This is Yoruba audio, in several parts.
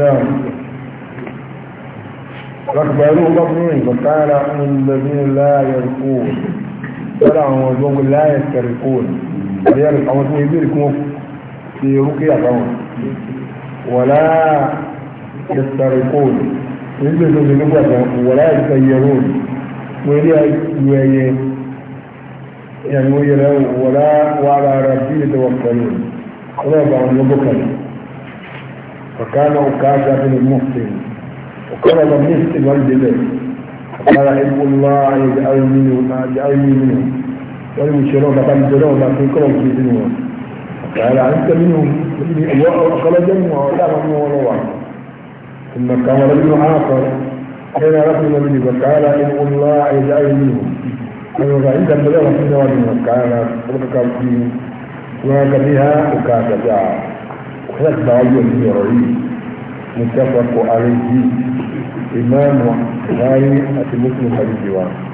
نعم ركبانه مبني وكان الذين لا يرقون طلعوا وجوه لا يسترقون ويرق أو في رقية طبعا ولا يسترقون يبركوا في رقية ولا يتسيرون ويلي يعني ويلي ولا وعلى ربي يتوكلون ربع وبكر فكان أكاشا بن المحسن وكان بالنسبه والجبل فقال حب الله منه وما اجعلني منهم والمشرون فانزلون في كل في دنيا فقال انت منهم وقال منه ولا منه ولا واحد ثم كان رجل اخر كان رجل مني فقال حب الله اجعلني منهم قالوا فانت بلغت في نوادي وكان ربك فيه وكان بها وكان جاعه وكذلك بعيد الرئيس متفق عليه إمام غاية مسلم حديث واحد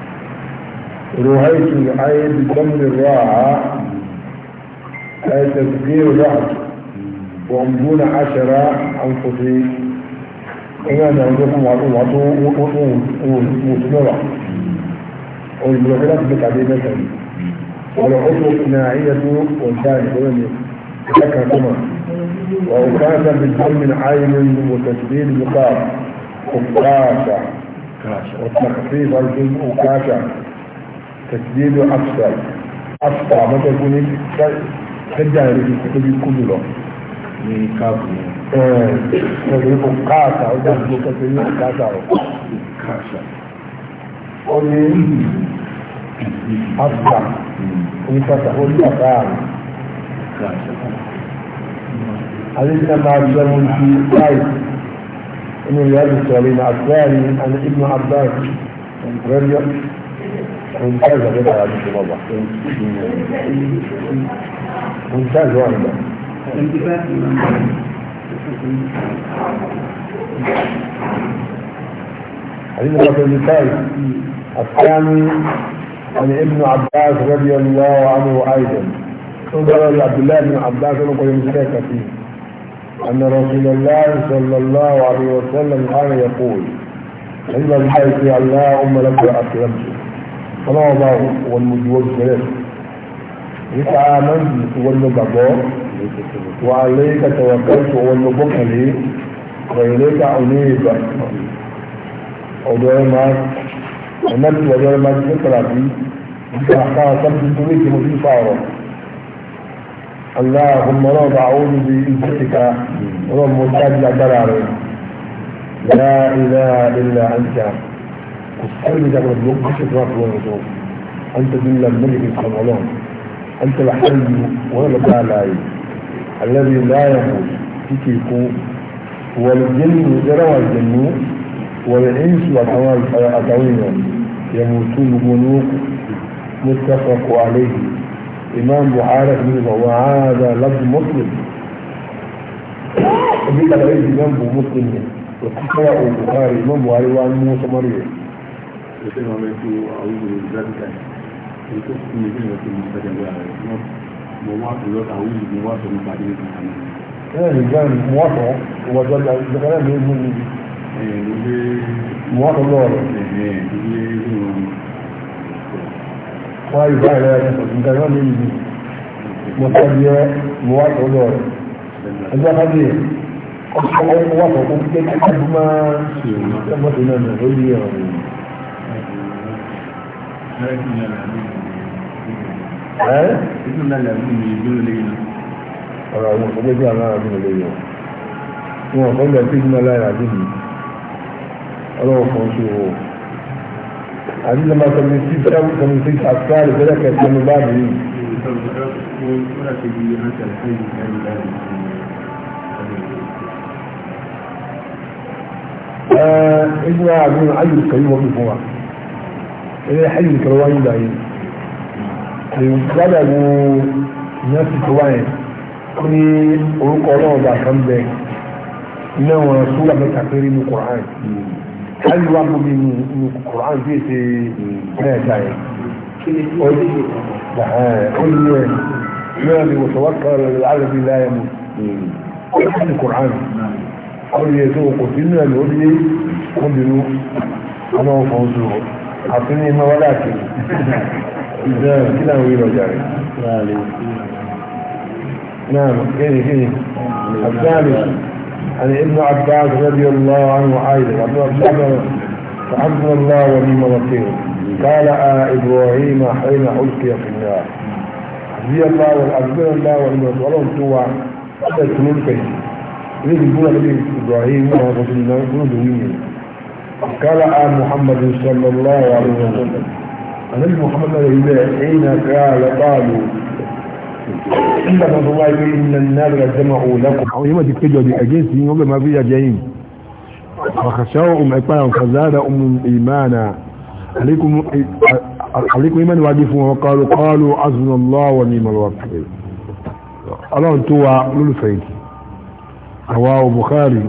رهيت العين بدم الراعة أي تذكير بعض وعمدون عشرة أنفسي إمام عندكم وعطوا وعطوا وعطوا وعطوا والملوحات بتعدي مثلا والعطوا إقناعية والثاني ذكر كمان وأكاشة بجمع عين وتشديد بقاف أكاشة والتخفيف الجزء أكاشة تشديد أكثر أفشل ما تكون تجاهل في كل لون من káàbù yẹn. ẹ̀ẹ́dẹ̀ kò káàtà ó dáhùn حديثنا مع الجمع في قائد ابن رياض السالين الثاني عن ابن عباس رجع ممتاز غير عبد الله ممتاز واحدة حديث الله في الثاني الثاني عن ابن عباس رضي الله عنه ايضا ثم قال عبد الله بن عباس انه كان مشترك فيه أن رسول الله صلى الله عليه وسلم كان يقول إن الحيث أم لك أكرمت صلى الله والمجوز ثلاثة يسعى من والنبضاء وعليك توكلت والنبقى لي وإليك أنيب ودائما ẹ ودائما ẹ̀mẹ́tì ọ̀dọ̀ ẹ máa ti وفي kàràbí اللهم رب أعوذ بعزتك رب مجد درار لا إله إلا أنت كفرني دقل بلوك شكرات ورسول أنت دل الملك الخمالون أنت الحي ولا تعالى الذي لا يموت تكيكو والجن يروى الجن والإنس والحوال أتعوين يموتون بنوك متفق عليه imam buhari ní ìwà wà á dà lábù muslim ebi kàdà yìí imam bu muslim ni òkúta o buhari imam buhari wà ní sọmọrì rẹ. ṣe wọn bẹ tó àwọn ìwé ìgbàlùkà yìí tó kún ní ìwé tó ní ìgbàjà wà rẹ mo wá lọ àwọn ìwé mo wá sọ nípa ilé ìgbàlùkà yìí. ẹ ẹ gbọ́n mo wá sọ wọ́n jọ ìjọba náà ló ń mú mi. mo wá sọ lọ́wọ́ rẹ̀ wọ́n á yìí báyìí lọ́wọ́ ẹni sọ̀tún nǹkan náà léyìí ni mo fẹ́ bí ẹ mo wá tó lọ rẹ̀ ẹjọ́ bá dé ọkọ̀ wà tó kún pé kí wọ́n máa ṣẹ́gbọ́n tó náà lọ lórí ọ̀rọ̀ ẹ̀ ọ̀rọ̀ àwọn òṣèlú ẹgbẹ́ àwọn ará mi lórí ọ̀ wọn kọ́ lọ sí ìdúnnà lára àdúgbò ọlọ́wọ́ kan ṣe owó àti lè máa tẹ̀lé sí sẹ́wọ́n tẹ̀lé sí àtúwárì bẹ́rẹ̀ kẹ̀kẹ́ ní báàbí yìí. Ẹ̀ẹ́dínwá àbúrò ayò kẹ́yí wọ́n fi fún wa. Ẹ̀ẹ́ ayò kẹ́yí wáyé báyìí. Ẹ̀yìn gbọ́dọ̀ wo ìyá ti tó wáyé ní orúkọ ọlọ́run bàtà ń bẹ. Ilé wọn súnlá ayi wa mọ mi nu nu kuran bi se bẹ́ẹ̀ ta yẹ o ni yẹ yọrọ mi wosọ wa kẹrẹ ala bi la yẹ mu o ni ni kuran o ni yẹ so o ti nu yẹ o ni yẹ o ni nu o ma fọ o sọ̀rọ̀ a ti ni ma wala ti ìdáhùn kí náà wíwọ jàre. náà kéde kéde àti náà lè sùn. عن ابن عباس رضي الله عنه أيضا عبد الله ونعم مرتين قال آه إبراهيم حين ألقي في النار رضي الله والأكبر الله ونعم ولهم سوى هذا السنون فيه يقول لك إبراهيم وهو في النار يقول قال آه محمد صلى الله عليه وسلم النبي محمد عليه عنه حين قال قالوا nígbàtà tó wáyé iná náírà jẹ́mọ̀ òlẹ́kùn. àwọn yìí wọ́n ti péjọ ní against yìí wọ́n bẹ̀ máa fi yà jẹ́ yìí. ọ̀kàṣà òun ẹ̀pá àwọn kàzáàdà òun ìmáàna àlékún ìmáàna wájú fún wọn kọlu kọlu azunallah wa ni malwa kiri. ọlọ́run tó wa lólùfẹ́ yìí. àwa o Bukhari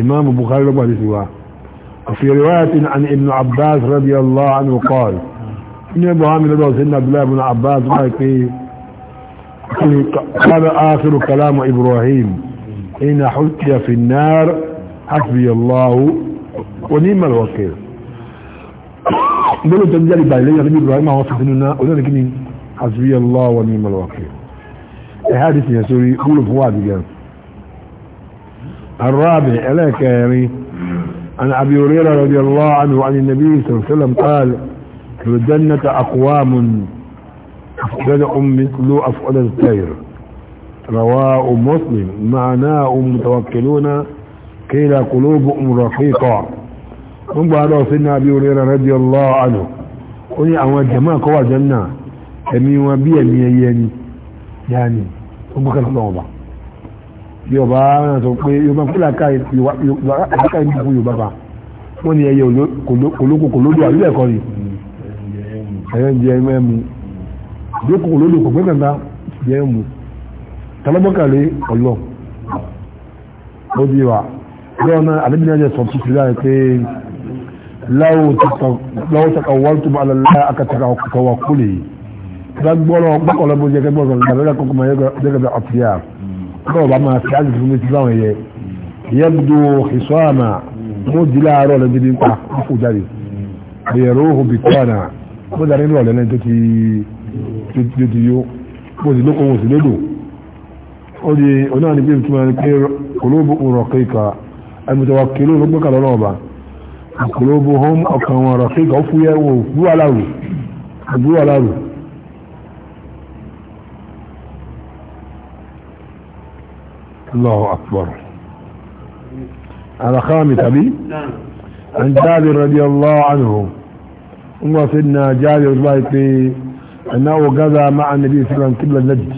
imaamu Bukhari ló gbàdúrà wa. وفي رواية عن ابن عباس رضي الله عنه قال ني ابو حامد ابو سيدنا عبد الله بن عباس مايكي قال اخر كلام ابراهيم ان حج في النار حسبي الله ونعم الوكيل بلو تنجلي باي لي ابي ابراهيم هو في النار ولا لكني حسبي الله ونعم الوكيل هذه إيه، هي سوري كل فواد الرابع عليك يا يعني عن ابي هريره رضي الله عنه وعن النبي صلى الله عليه وسلم قال الجنة أقوام أفضلهم مثل أفعل الطير رواء مسلم معناهم متوكلون كلا قلوبهم رقيقة من بعد سيدنا أبي هريرة رضي الله عنه قل أو جماعة قوى جنة أمي وبي أمي يعني يعني أمك الله yọba náà sọ pé yọba fúlà káyì yọba káyì ń bú yọba bá wọn ni ẹyẹ kòlókò kòlódò àlúwẹ̀kọ́ ni ẹ̀yẹ́ ń jẹ ẹ̀mẹ́ mu dípò olólùkọ pé kàńtà jẹ́ ẹ̀ mu talabọ́kàlẹ̀ ọlọ́ ó di wa lọ́wọ́ náà àdébìnrin ẹ̀jẹ̀ sọ̀tún sí láì pé láwọ́ takawaltum ala Allah aka tawakkuli gbọ́rọ̀ gbọ́kọ̀lọ́ bó jẹ́ gbọ́rọ̀ gbàdúrà kọ́kọ́ máa jẹ́gẹ̀ bí ọ̀tíyà kọ́kọ́ bá máa fi ájú fún mi ti láwọn ẹ̀yẹ yẹ́bùdó ìṣọ́ àmà mú di láàárọ̀ lẹ́bí nípa kókò jáde àyẹ̀rọ òhun bìtọ́nà bó darí ní ọ̀lẹ́ni tó ti ti yó bó ti lóko òsì lódò ó di onáà ní pé ìtumọ̀ ní pé kòlóbù rọ̀ kéka ẹ̀mùtọ̀wà kìló ló gbọ́kà lọ́nà ọ̀bà kòlóbù hóm ọ̀kan wọn rọ̀ kéka ó fúyẹ́ wò bú aláàrù bú aláàrù Allahu akbar alakami tàbí an jáde radiyallahu anhu umar sayyidina jabir bai pe annahu gaza ma'a nabi sallallahu alaihi wasallam najd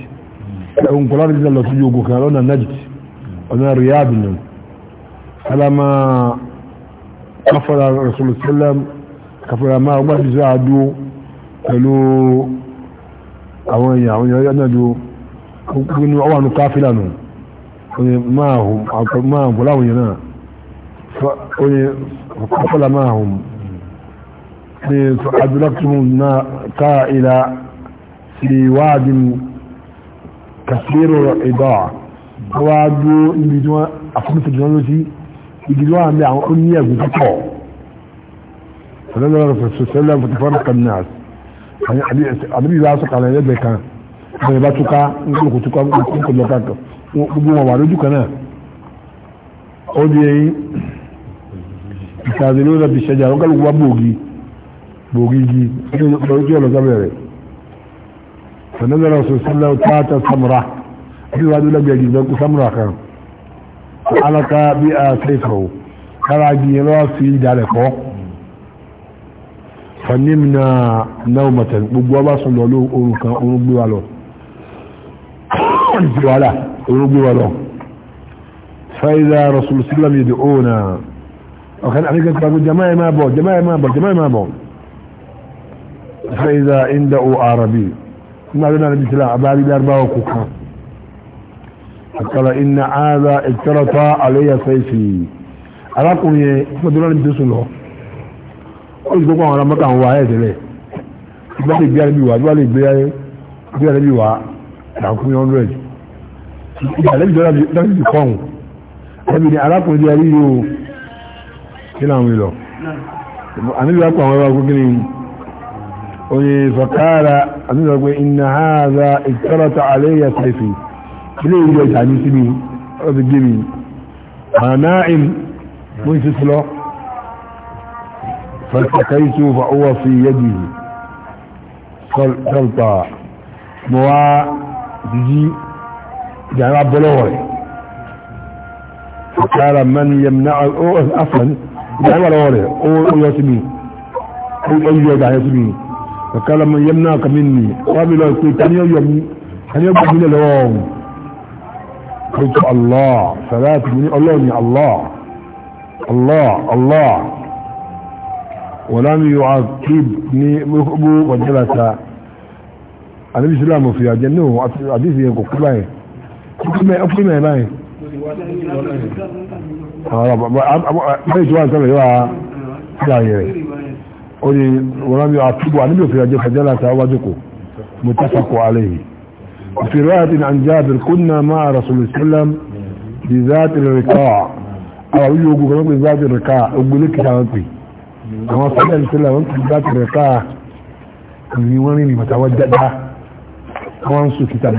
da un kula da Allah su jogo kan wannan najd wannan riyad ne alama kafara rasul sallam kafara ma umar bi zaadu pẹ̀lú àwọn èèyàn àwọn èèyàn yánàdó nínú ọwà ní káfílà nù oye máa hùn àpọ̀ máa náà oye pé adúlákùnrin náà ká ìlà sí wádìí kàṣírò ìdọ́ wá dúró níbi tí wọ́n afúnmùsùn jùlọ lọ́sí igi tí wọ́n àmì àwọn ó ní ẹ̀gùn púpọ̀ sọlọ́lọ́rọ̀ sọ̀sọ́lọ́ fọ́tífọ́n kanáàs àbíbí wá sọ kàlẹ̀ ẹgbẹ̀ kan àwọn ìbá túká nígbòkò túká nígbòkò lọ́kà gbogbo wọn wà lójú kan náà ó di ẹyin ìtàzẹ́lẹ́ ó lọ bí ṣẹjà ó kálukú wá gbòógì بوغيجي بوغيجي ولا زبيري فنزل رسول صلى الله عليه وسلم تاتا سمرة في واحد لم يجد لك سمرة كان علق بها سيفه خرج يلا في ذلك فنمنا نومة بوغوا صلى الله عليه وسلم ونبي والو ونبي والو ونبي والو فإذا رسول صلى الله عليه وسلم يدعونا وكان عليك جماعة ما بو جماعة ما بو جماعة ما بو فإذا عنده عربي ما قلنا نبي سلام عبالي بأربعة وكوكا فقال إن هذا اجترط علي سيفي أراكم يا مدونا نبي سلام قلت لكم أنا مكان واحد ليه ìgbàlè ìgbé alẹ́bí wa ìgbàlè ìgbé ìgbé alẹ́bí wa làǹkú ní hundred ìgbà alẹ́bí dọ́là dábì ti kọ́hùn alẹ́bí ni arákùnrin di alẹ́ yìí o kí làwọn èlò àmì ìgbà kọ́ àwọn ẹ̀rọ akókè ni. فقال ان هذا اجترت علي سيفي ليه يجي يعني سيبي بتجيبي انا نائم وانت سلو فالتقيت فهو في يده سلطة موا جي يعني عبد الله فقال من يمنع عفوا يعني ولا ولا او ياسمين او يجي يعني ياسمين kàkàlà mọ yẹm náà kàmí nì wà mí lọ pé tani yọ yọmí tani yọ gbàgbé lọ́wọ́ ọ̀hún kòtò allah sàlátì ní ọlọ́ọ̀ni allah allah allah wọ́n lámì yọ àkíb ní mọ́kọ́bù wàjẹ́làta àdébí sílámù fi àjẹ́ náà àdébí yẹn kò kú báyìí kò kú mẹ́ báyìí. àwọn ọ̀rọ̀ báyìí tí wọ́n ń sọ̀rọ̀ yóò wá sí àyẹ̀rẹ̀ oye wọ́n bí àtúbọ̀ àníbò fi àjẹ́ fàjẹ́lá tàwájú kò mutafakọ̀ alayhi fi ráyàtì na jabir kúnnà máa rasulù sallam di zaati rika àwọn yìí ogun kan pè zaati rika ogun kìí àwọn pè àwọn sallam sallam wọn pè zaati rika ni wọn rìn ìmọ̀ta wọn dada wọn sùn kìí tàbí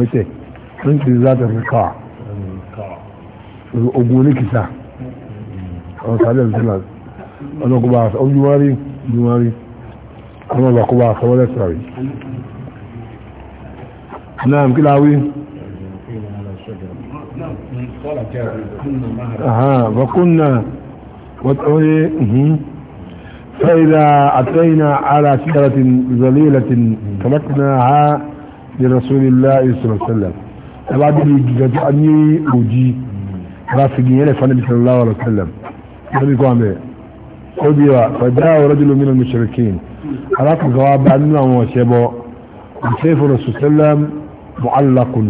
bẹ̀rẹ̀ sí تنقل ذات الرقاع أقولي سا أنا سعيد الثلاث أنا قبعة أو جواري جواري أنا بقبعة ولا سعيد نعم كلاوي عوي أها وكنا وتقولي فإذا أتينا على شجرة ذليلة تركناها لرسول الله صلى الله عليه وسلم ẹwà débi gíganjú a ní òjì ráfìgì yẹn lẹ́fà níbi sallallahu alaihi wasallam níbi kọ́ àmì ó bí wa fàjá ọ̀rọ̀ jùlọ mìíràn mushrikin alákùnkà wa bá nínú àwọn ọ̀ṣẹ́ bọ́ ìṣe ìfọ̀rọ̀ sọ̀sẹ́lẹ̀m mu'allaqun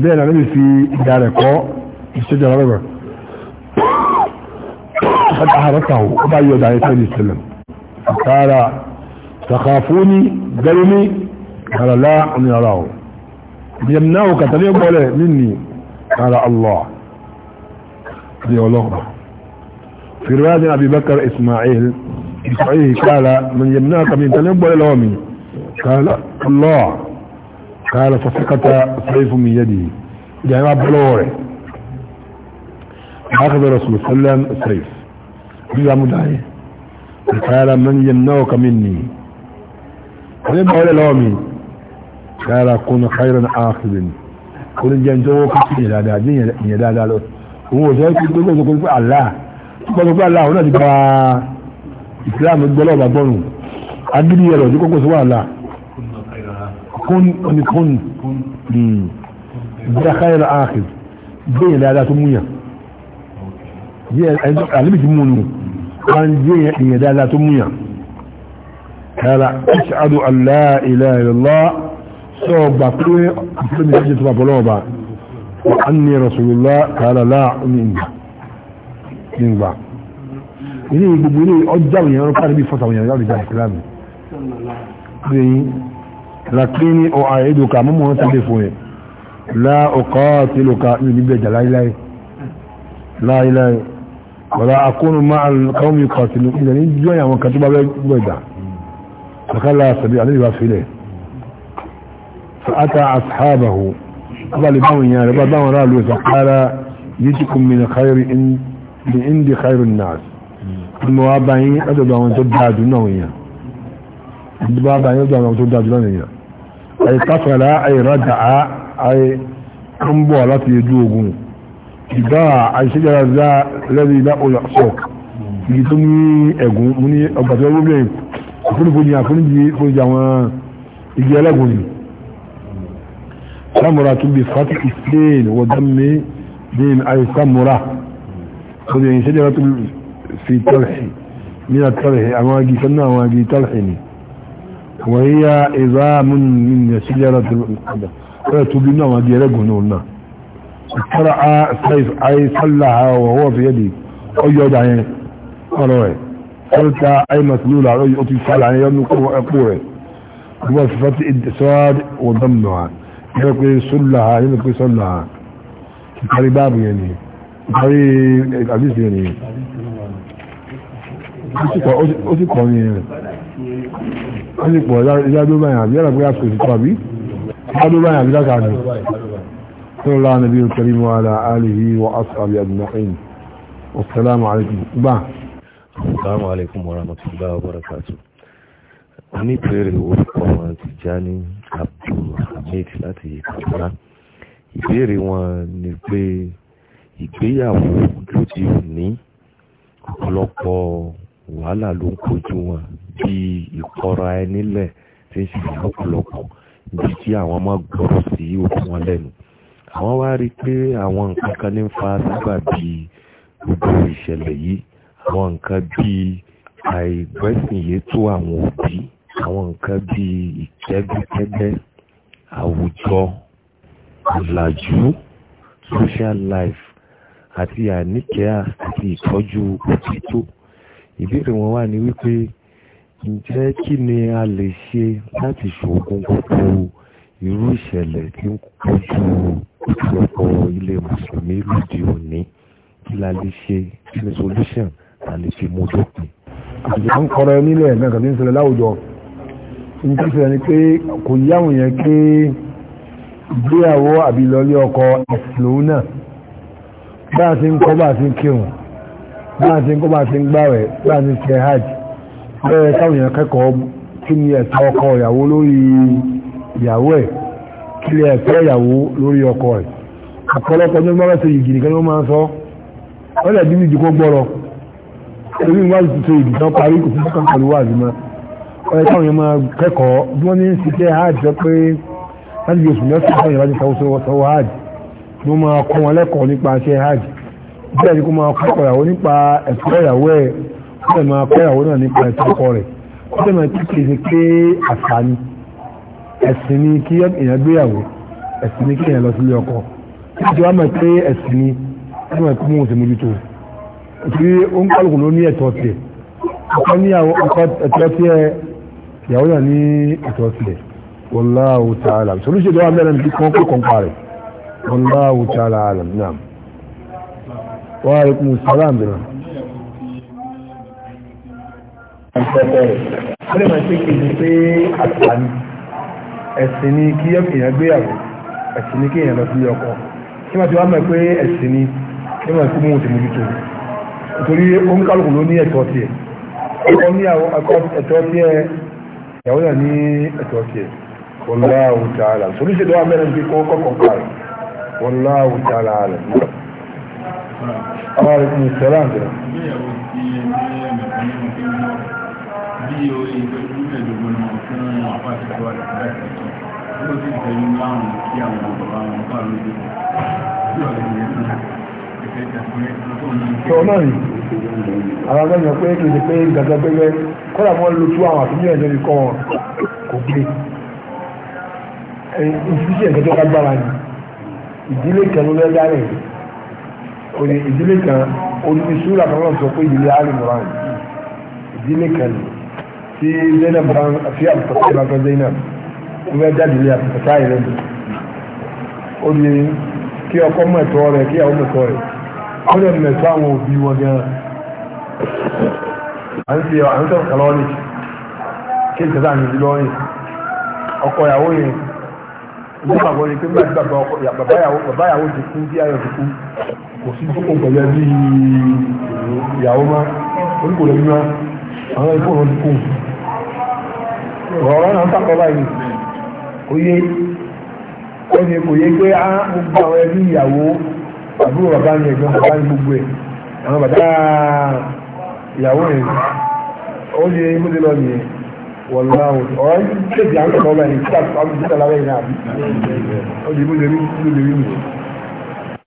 bẹ́ẹ̀ náà níbi fi ìdá rẹ̀ kọ́ ìṣẹ́jà rẹ̀ fàjá àrọ́ta ó bá yọ dàrí sẹ́lẹ̀ sẹ́lẹ̀m kàrà takafuni gẹ́rùmí kàrà láà ọ̀nà ara ọ̀ يمنعك تليق ولا مني قال الله دي الله في رواية أبي بكر إسماعيل إسماعيل قال من يمنعك من تليق ولا لومي قال الله قال فسقط سيف من يده جاء يعني بلوره أخذ رسول صلى الله عليه وسلم السيف بلا مدعي قال من يمنعك مني تليق ولا لومي kára kúnnà káyọ̀rọ̀ áàkìlín kúrin jẹ́ tó kí sí ìyẹ̀dáadáa jẹ́ ìyẹ̀dáadáa lọ òun ò sọ pé gbogbo ìsọkùn pé Allah gbogbo pé Allah òun náà ti gba Islam gbọ́lọ́ ọ̀bà gbọ́rùn agídí ẹ̀rọ tí kókó sí wà Allah kún ní kún jẹ́ káyọ̀rọ̀ áàkìl jẹ́ ìyẹ̀dáadáa tó múyàn àlébì ti múnu wọ́n jẹ́ ìyẹ̀dáadáa tó múyàn kára ashhadu an la ilaha illallah sọ gbà pé ìfẹ́ mi jẹ́ tó bá bọ́ lọ́wọ́ bá wà á ní rasulullah kààlà láàrín ní ìgbà ilé gbogbo ilé ọjà òyìnbó káàdì bí fọ́tà òyìnbó jáde jáde ìsìlámù lẹ́yìn lakini o àìdùkà mọ́mọ́ wọn tàbí fún ẹ̀ láàkọ́ tí lóka níbẹ̀ jà láíláí láíláí wọ́la akónù máa kàwọn mi kọ̀ sínú ilẹ̀ ní jọ́ àwọn bẹ́ gbẹ̀dà kàkàlá فأتى أصحابه قال لبعض يعني بعض رأى فقال يجيكم من خير إن من خير الناس الموابعين أدب أن تدعج نويا الموابعين أدب أن تدعج نويا أي قصلا أي رجع أي أنبولة يجوغون إباع أي شجرة ذا الذي لا يحصوك يجتمي أقوم مني أبطل أبوبين أفنبني أفنبني أفنبني أفنبني أفنبني أفنبني سمرة بفتح السين وضم دين أي سمرة خذين شجرة في تلح من التلح أواجي سنة أواجي تلحني وهي عظام من شجرة القدر فتبنا أواجي رجهنونا ترعى سيف أي صلها وهو في يدي أيضا يعني قالوا قلت أي مسلولة أي أطي صلها يوم قوة هو في فتح الصاد وضمها yẹ́ pé sọ́lá yẹ́ pé sọ́lá ìparí báàbù yẹn ni ìparí eh, àdísì yẹn ni ó sì pọ̀ ní ẹ̀rẹ̀ ó sì pọ̀ ìyádó báyìí àbí yàrá pé àsìkò sí pàbí ìyádó báyìí àbí dákà ní sọ́lá nàbí karim wa ala alihi wa ashabi ajma'in assalamu alaikum ba assalamu alaikum wa rahmatullahi wa barakatuh oníbẹ̀rẹ̀ orúkọ wọn ti já ní abdulhamid láti kaduna ìbéèrè wọn ni pé ìgbéyàwó lóde òní ọ̀pọ̀lọpọ̀ wàhálà ló ń kojú wọn bí ìkọra ẹnílẹ̀ tí ń ṣe lọ́pọ̀lọpọ̀ níbi tí àwọn máa gbọ́rọ̀ sí òkú wọn lẹ́nu àwọn wá rí i pé àwọn nǹkan kan ní ń fa sábà bí gbogbo ìṣẹ̀lẹ̀ yìí àwọn nǹkan bíi àìgbẹ́sìn yé tó àwọn òbí àwọn nǹkan bíi ìtẹ́gbẹ́tẹ́gbẹ́ àwùjọ ọ̀làjú social life àti àníkẹ́à àti ìtọ́jú òtítọ́ ìbéèrè wọn wà ní wípé ǹjẹ́ kí ni a lè ṣe láti ṣògùn gbogbo irú ìṣẹ̀lẹ̀ tí ń kojú ọ̀pọ̀lọpọ̀ ilé mùsùlùmí lòdì òní kí la lè ṣe kí ni solution la lè fi mú dópin. àti ìfọ̀nkọrọ nílẹ̀ náà láwùjọ nítorí fẹ́ ni pé kò yáwọn yẹn pé ìgbéyàwó àbílọ́lé ọkọ̀ ìfìlòun náà bá a ti ń kọ́ bá a ti ń kírun bá a ti ń kọ́ bá a ti ń gbàwẹ̀ bá a ti ń ṣe hajj bẹ́ẹ̀ káwọn yẹn kẹ́kọ̀ọ́ kí ni ẹ̀tọ́ ọkọ ìyàwó lórí ìyàwó ẹ̀ kí ni ẹ̀tọ́ ìyàwó lórí ọkọ ẹ̀ àpọ̀lọpọ̀ ní ọgbọ́n ṣe ìgì nìkan ni wọ́n máa sọ ọ́ lẹ̀ ọ̀rẹ́ táwọn yẹn máa kẹ́kọ̀ọ́ bí wọ́n ní ń ṣiṣẹ́ hajj jọ pé láti bí oṣù mẹ́sàn-án táwọn yẹn bá ti sanwó sọ́wọ́ sọ́wọ́ hajj ni wọ́n máa kọ́ wọn lẹ́kọ̀ọ́ nípa iṣẹ́ hajj bí ẹni kó máa kọ́kọ́ ìyàwó nípa ẹ̀kọ́ ìyàwó ẹ̀ ó lè máa kọ́ ìyàwó náà nípa ẹ̀kọ́ ọkọ rẹ̀ ó lè máa kíkì ṣe pé àṣà ni ẹ̀sìn ní ẹ̀tọ́ tiẹ̀ ọkọ ìyàwó náà ní ẹ̀tọ́ sílẹ̀ wallahu ta'ala sọlúṣe tó wà mẹ́rin bí kan kó kọ̀ǹpa rẹ̀ wallahu ta'ala alam naam wa alaikum salam dìrọ̀. ó lè máa ṣe kejì pé àtà ni ẹ̀sìn ni kí èèyàn gbéyàwó ẹ̀sìn ni kí èèyàn lọ sí ọkọ kí wọ́n ti wá mọ̀ pé ẹ̀sìn ni kí wọ́n ti mú òtún mójútó nítorí ó ń kálukú ló ní ẹ̀tọ́ tiẹ̀ ọkọ ní ẹ̀tọ́ tiẹ̀ ìyàwó yà ní ẹ̀tọ́ tiẹ̀ wallahu ta'ala solúṣe tó wà mẹ́rin bí kó kọ́kọ́ parí wallahu ta'ala alẹ̀ nígbà. àwọn àrùn fún àpá àtìkú àtìkú náà ni àwọn akẹ́kọ̀ọ́ pé kì ṣe pé gàgàgbẹ́gbẹ́ kọ́lá wọn lo tú àwọn àfihàn ẹ̀jẹ̀ nìkan wọn kò gbé ìfisí ẹ̀jẹ̀ tó lágbára ni ìdílé kan ló lẹ́gbẹ́ àrẹ̀ yìí kò ní ìdílé kan olùdí sùúrà kan náà sọ pé ìdílé àrẹ̀ mọ́ra ni ìdílé kan ni tí Zainab bá fi àbùkàtà ìlà kan Zainab ó fẹ́ jáde ilé àbùkàtà ìlẹ̀ mi ó ní kí ọkọ mọ̀ ẹ̀tọ́ rẹ̀ kí àwọn mọ̀ ẹ̀tọ́ rẹ̀ ó lè mọ̀ ẹ̀tọ́ àwọn òbí wọn gan-an. à ń fi à sọ̀rọ̀ kan kí n ọkọ ìyàwó yẹn ìgbà gbàgbọ́ ni pé nígbà tí bàbá ìyàwó ti kú bí ayọ̀ ti kú kò sí tó kò pẹ̀lú ẹbí ìyàwó má oníkò lè mímá àwọn ikú ti kú ọ̀rọ̀ náà ń tàkọ́ báyìí kò yé kò yé pé á ah, gbogbo àwọn ẹbí ìyàwó àbúrò bàbá ni ẹ̀gbọ́n bàbá ni gbogbo ẹ̀ àwọn bàbá ìyàwó rẹ̀ ó yẹ múlẹ̀ lọ nìyẹn wọ̀láwò ọ̀rọ̀ kéde àwọn ọ̀rọ̀ ẹ̀